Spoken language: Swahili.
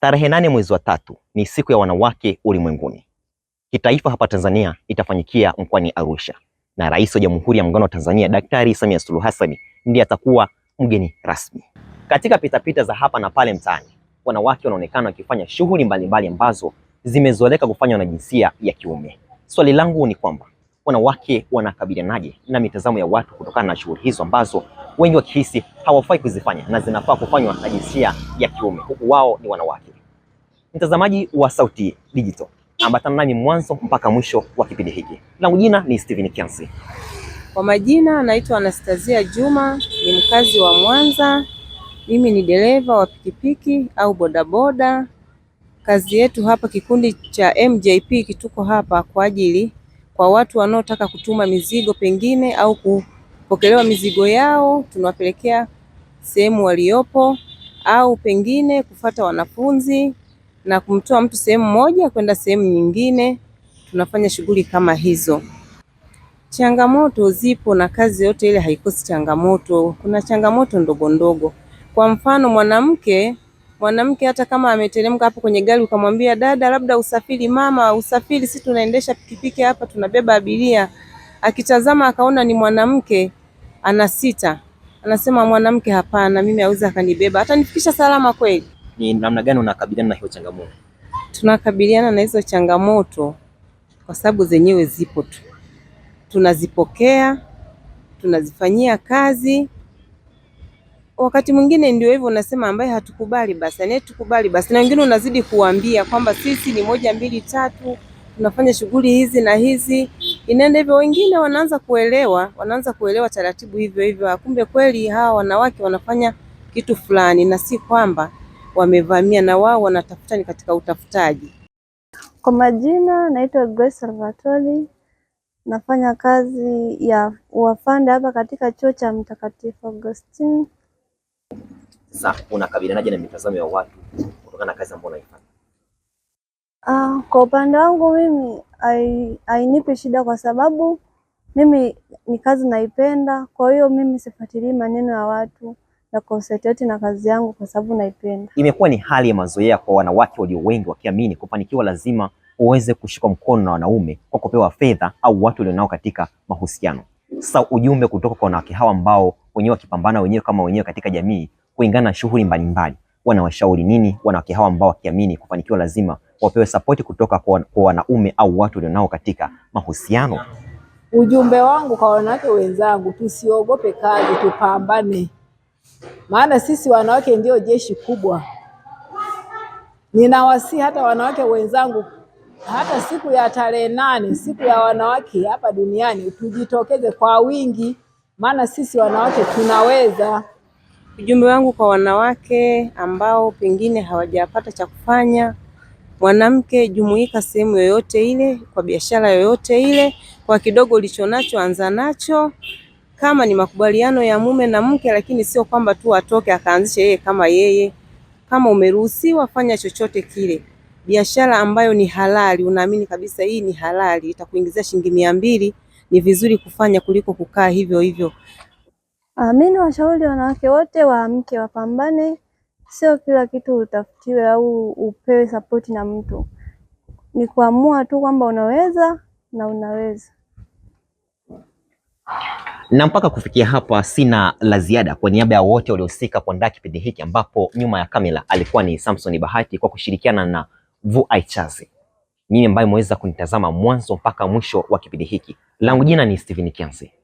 Tarehe nane mwezi wa tatu ni siku ya wanawake ulimwenguni. Kitaifa hapa Tanzania itafanyikia mkoani Arusha, na Rais wa Jamhuri ya Muungano wa Tanzania Daktari Samia Suluhu Hassan ndiye atakuwa mgeni rasmi. Katika pitapita za hapa na pale mtaani, wanawake wanaonekana wakifanya shughuli mbalimbali ambazo zimezoeleka kufanywa na jinsia ya kiume. Swali langu ni kwamba wanawake wanakabilianaje na mitazamo ya watu kutokana na shughuli hizo ambazo wengi wakihisi hawafai kuzifanya na zinafaa kufanywa na jinsia ya kiume, huku wao ni wanawake. Mtazamaji wa Sauti Digital, ambatana nanyi mwanzo mpaka mwisho wa kipindi hiki. Langu jina ni Steven Kiansi. Kwa majina naitwa Anastazia Juma, ni mkazi wa Mwanza. Mimi ni dereva wa pikipiki au bodaboda. Kazi yetu hapa kikundi cha MJP kituko hapa kwa ajili kwa watu wanaotaka kutuma mizigo pengine au kupokelewa mizigo yao, tunawapelekea sehemu waliopo, au pengine kufata wanafunzi na kumtoa mtu sehemu moja kwenda sehemu nyingine. Tunafanya shughuli kama hizo. Changamoto zipo na kazi yote ile haikosi changamoto. Kuna changamoto ndogo ndogo, kwa mfano mwanamke mwanamke hata kama ameteremka hapo kwenye gari, ukamwambia dada, labda usafiri, mama usafiri, si tunaendesha pikipiki hapa, tunabeba abiria, akitazama akaona ni mwanamke, anasita, anasema mwanamke, hapana, mimi aweza akanibeba, atanifikisha salama kweli? ni namna gani unakabiliana na hiyo changamoto? Tunakabiliana na hizo changamoto kwa sababu zenyewe zipo tu, tunazipokea tunazifanyia kazi. Wakati mwingine ndio hivyo, unasema ambaye hatukubali basi, anaye tukubali basi, na wengine unazidi kuambia kwamba sisi ni moja mbili tatu, tunafanya shughuli hizi na hizi, inaenda hivyo. Wengine wanaanza kuelewa, wanaanza kuelewa taratibu hivyo hivyo, kumbe kweli hawa wanawake wanafanya kitu fulani na si kwamba wamevamia na wao wanatafuta, ni katika utafutaji. Kwa majina naitwa Grace Salvatori, nafanya kazi ya uwafanda hapa katika chuo cha Mtakatifu Augustine. Sasa unakabilianaje na mitazamo ya watu kutokana na kazi ambayo unaifanya? Ah, kwa upande wangu mimi hainipi shida kwa sababu mimi ni kazi naipenda, kwa hiyo mimi sifuatilii maneno ya watu na concentrate na kazi yangu kwa sababu naipenda. Imekuwa ni hali ya mazoea kwa wanawake walio wengi wakiamini kufanikiwa lazima uweze kushikwa mkono na wanaume kwa kupewa fedha au watu walionao katika mahusiano. Sasa ujumbe kutoka kwa wanawake hawa ambao wenyewe wakipambana wenyewe kama wenyewe katika jamii kulingana na shughuli mbalimbali, wanawashauri nini wanawake hawa ambao wakiamini kufanikiwa lazima wapewe sapoti kutoka kwa wanaume au watu walionao katika mahusiano? Ujumbe wangu kwa wanawake wenzangu, tusiogope kazi, tupambane maana sisi wanawake ndio jeshi kubwa. Ninawasihi hata wanawake wenzangu, hata siku ya tarehe nane, siku ya wanawake hapa duniani, tujitokeze kwa wingi, maana sisi wanawake tunaweza. Ujumbe wangu kwa wanawake ambao pengine hawajapata cha kufanya, mwanamke, jumuika sehemu yoyote ile, kwa biashara yoyote ile, kwa kidogo ulichonacho anza nacho kama ni makubaliano ya mume na mke, lakini sio kwamba tu atoke akaanzishe yeye kama yeye. Kama umeruhusiwa, fanya chochote kile. Biashara ambayo ni halali, unaamini kabisa hii ni halali, itakuingizia shilingi mia mbili, ni vizuri kufanya kuliko kukaa hivyo hivyo. amini ah, washauri wanawake wote waamke, wapambane. Sio kila kitu utafutiwe au upewe sapoti na mtu, ni kuamua tu kwamba unaweza na unaweza. Na mpaka kufikia hapa sina la ziada, kwa niaba ya wote waliohusika kuandaa kipindi hiki, ambapo nyuma ya kamera alikuwa ni Samson Bahati kwa kushirikiana na Vui Chazi. Nyinyi ambaye mweza kunitazama mwanzo mpaka mwisho wa kipindi hiki, langu jina ni Steven Kianzi.